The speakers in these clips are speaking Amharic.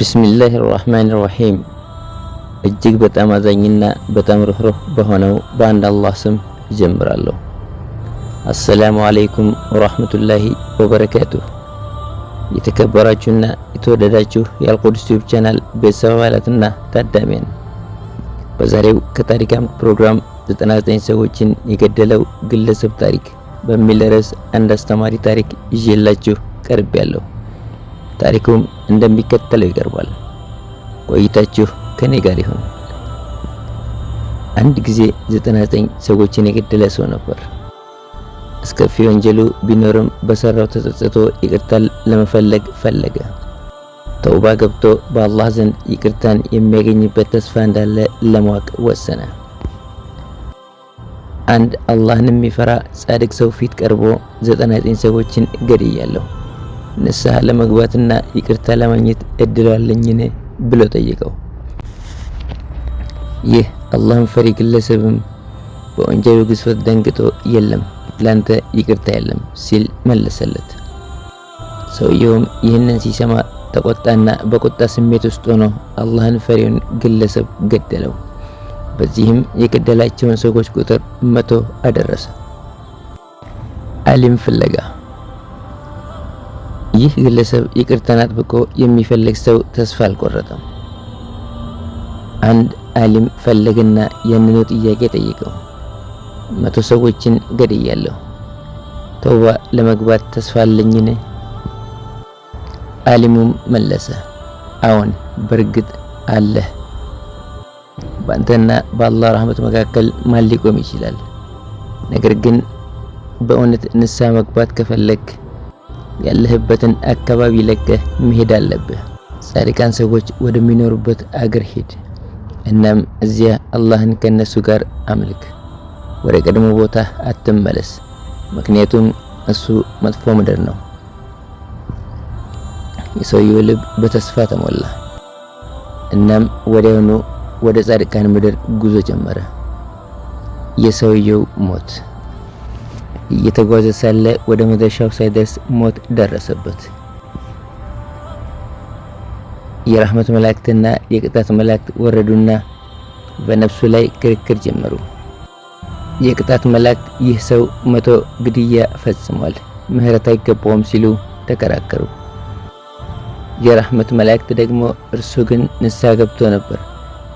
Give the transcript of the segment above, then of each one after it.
ቢስሚላህ ራህማን ራሂም እጅግ በጣም አዛኝና በጣም ርኅሩህ በሆነው በአንድ አላህ ስም ይጀምራለሁ። አሰላሙ አለይኩም ወራህመቱላሂ ወበረካቱሁ። የተከበራችሁና የተወደዳችሁ የአልቁድስ ዩቲዩብ ቻናል ቤተሰብ አባላትና ታዳሚያን በዛሬው ከታሪካም ፕሮግራም 99 ሰዎችን የገደለው ግለሰብ ታሪክ በሚል ርዕስ አንድ አስተማሪ ታሪክ ይዤላችሁ ቀርቤያለሁ። ታሪኩም እንደሚከተለው ይቀርባል። ቆይታችሁ ከኔ ጋር ይሁን። አንድ ጊዜ 99 ሰዎችን የገደለ ሰው ነበር። አስከፊ ወንጀሉ ቢኖርም በሰራው ተጸጽቶ ይቅርታን ለመፈለግ ፈለገ። ተውባ ገብቶ በአላህ ዘንድ ይቅርታን የሚያገኝበት ተስፋ እንዳለ ለማወቅ ወሰነ። አንድ አላህን የሚፈራ ጻድቅ ሰው ፊት ቀርቦ 99 ሰዎችን ገድያለሁ ንስሐ ለመግባትና ይቅርታ ለማግኘት እድል አለኝን ብሎ ጠየቀው። ይህ አላህን ፈሪ ግለሰብም በወንጀሉ ግዝፈት ደንግጦ የለም ላንተ ይቅርታ የለም ሲል መለሰለት። ሰውየውም ይህንን ሲሰማ ተቆጣና በቁጣ ስሜት ውስጥ ሆኖ አላህን ፈሪውን ግለሰብ ገደለው። በዚህም የገደላቸውን ሰዎች ቁጥር መቶ አደረሰ። አሊም ፍለጋ ይህ ግለሰብ ይቅርታን አጥብቆ የሚፈልግ ሰው ተስፋ አልቆረጠም። አንድ አሊም ፈለገና ያንኑ ጥያቄ ጠይቀው መቶ ሰዎችን ገድያለሁ ተውባ ለመግባት ተስፋ አለኝን? አሊሙም መለሰ፣ አዎን በእርግጥ አለህ። በአንተና በአላህ ረህመት መካከል ማን ሊቆም ይችላል? ነገር ግን በእውነት ንስሐ መግባት ከፈለግ ያለህበትን አካባቢ ለቀህ መሄድ አለብህ። ጻድቃን ሰዎች ወደሚኖሩበት አገር ሂድ። እናም እዚያ አላህን ከነሱ ጋር አምልክ። ወደ ቀድሞ ቦታ አትመለስ፣ ምክንያቱም እሱ መጥፎ ምድር ነው። የሰውየው ልብ በተስፋ ተሞላ። እናም ወዲያውኑ ወደ ጻድቃን ምድር ጉዞ ጀመረ። የሰውየው ሞት እየተጓዘ ሳለ ወደ መድረሻው ሳይደርስ ሞት ደረሰበት። የራህመት መላእክትና የቅጣት መላእክት ወረዱና በነፍሱ ላይ ክርክር ጀመሩ። የቅጣት መላእክት ይህ ሰው መቶ ግድያ ፈጽሟል፣ ምህረት አይገባውም ሲሉ ተከራከሩ። የራህመት መላእክት ደግሞ እርሱ ግን ንስሐ ገብቶ ነበር፣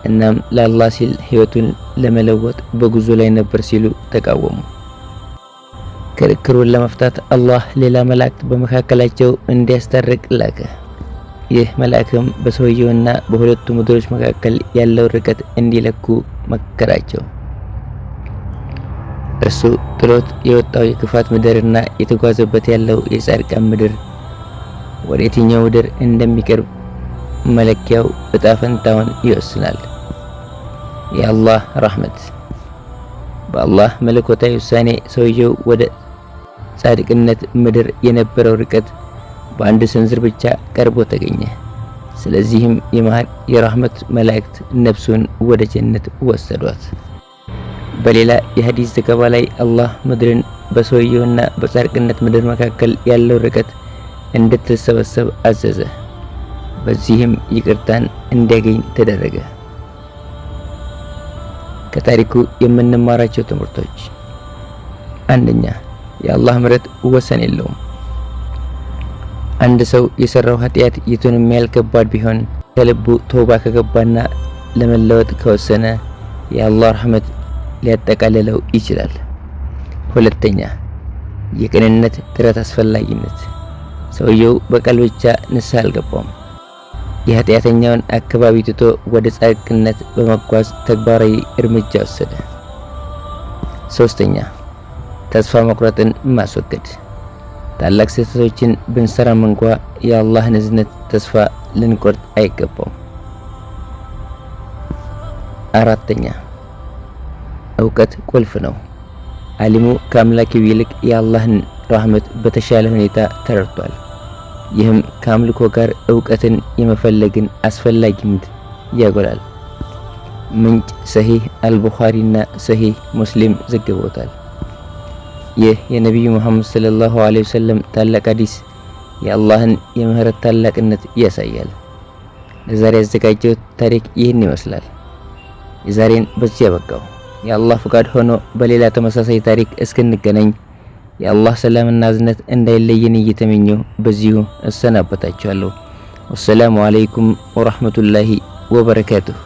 እናም ለአላህ ሲል ሕይወቱን ለመለወጥ በጉዞ ላይ ነበር ሲሉ ተቃወሙ። ክርክሩን ለመፍታት አላህ ሌላ መላእክት በመካከላቸው እንዲያስታርቅ ላከ። ይህ መልአክም በሰውየውና በሁለቱ ምድሮች መካከል ያለው ርቀት እንዲለኩ መከራቸው። እርሱ ጥሎት የወጣው የክፋት ምድርና የተጓዘበት ያለው የጻድቃን ምድር ወደ የትኛው ምድር እንደሚቀርብ መለኪያው እጣ ፈንታውን ይወስናል። የአላህ ረህመት በአላህ መለኮታዊ ውሳኔ ሰውየው ወደ ጻድቅነት ምድር የነበረው ርቀት በአንድ ሰንዝር ብቻ ቀርቦ ተገኘ። ስለዚህም የመሐር የራህመት መላእክት ነፍሱን ወደ ጀነት ወሰዷት። በሌላ የሐዲስ ዘገባ ላይ አላህ ምድርን በሰውየውና በጻድቅነት ምድር መካከል ያለው ርቀት እንድትሰበሰብ አዘዘ። በዚህም ይቅርታን እንዲያገኝ ተደረገ። ከታሪኩ የምንማራቸው ትምህርቶች አንደኛ የአላህ ምሕረት ወሰን የለውም። አንድ ሰው የሰራው ኃጢአት የቱንም ያህል ከባድ ቢሆን ከልቡ ተውባ ከገባና ለመለወጥ ከወሰነ የአላህ ረህመት ሊያጠቃልለው ይችላል። ሁለተኛ የቅንነት ጥረት አስፈላጊነት። ሰውየው በቃል ብቻ ንስሐ አልገባም። የኃጢአተኛውን አካባቢ ትቶ ወደ ጻድቅነት በመጓዝ ተግባራዊ እርምጃ ወሰደ። ሶስተኛ ተስፋ መቁረጥን ማስወገድ። ታላቅ ስህተቶችን ብንሰራም እንኳ የአላህን እዝነት ተስፋ ልንቆርጥ አይገባውም። አራተኛ እውቀት ቁልፍ ነው። አሊሙ ከአምላኪው ይልቅ የአላህን ራህመት በተሻለ ሁኔታ ተረድቷል። ይህም ከአምልኮ ጋር እውቀትን የመፈለግን አስፈላጊነት ያጎላል። ምንጭ ሰሂህ አልቡኻሪና ሰሂህ ሙስሊም ዘግበውታል። ይህ የነቢዩ መሐመድ ሰለላሁ ዐለይሂ ወሰለም ታላቅ ሐዲስ የአላህን የምህረት ታላቅነት ያሳያል። ለዛሬ ያዘጋጀው ታሪክ ይህን ይመስላል። የዛሬን በዚህ ያበቃው። የአላህ ፍቃድ ሆኖ በሌላ ተመሳሳይ ታሪክ እስክንገናኝ የአላህ ሰላምና እዝነት እንዳይለየን እየተመኘው በዚሁ እሰናበታችኋለሁ። ወሰላሙ ዐለይኩም ወራህመቱላሂ ወበረካቱሁ።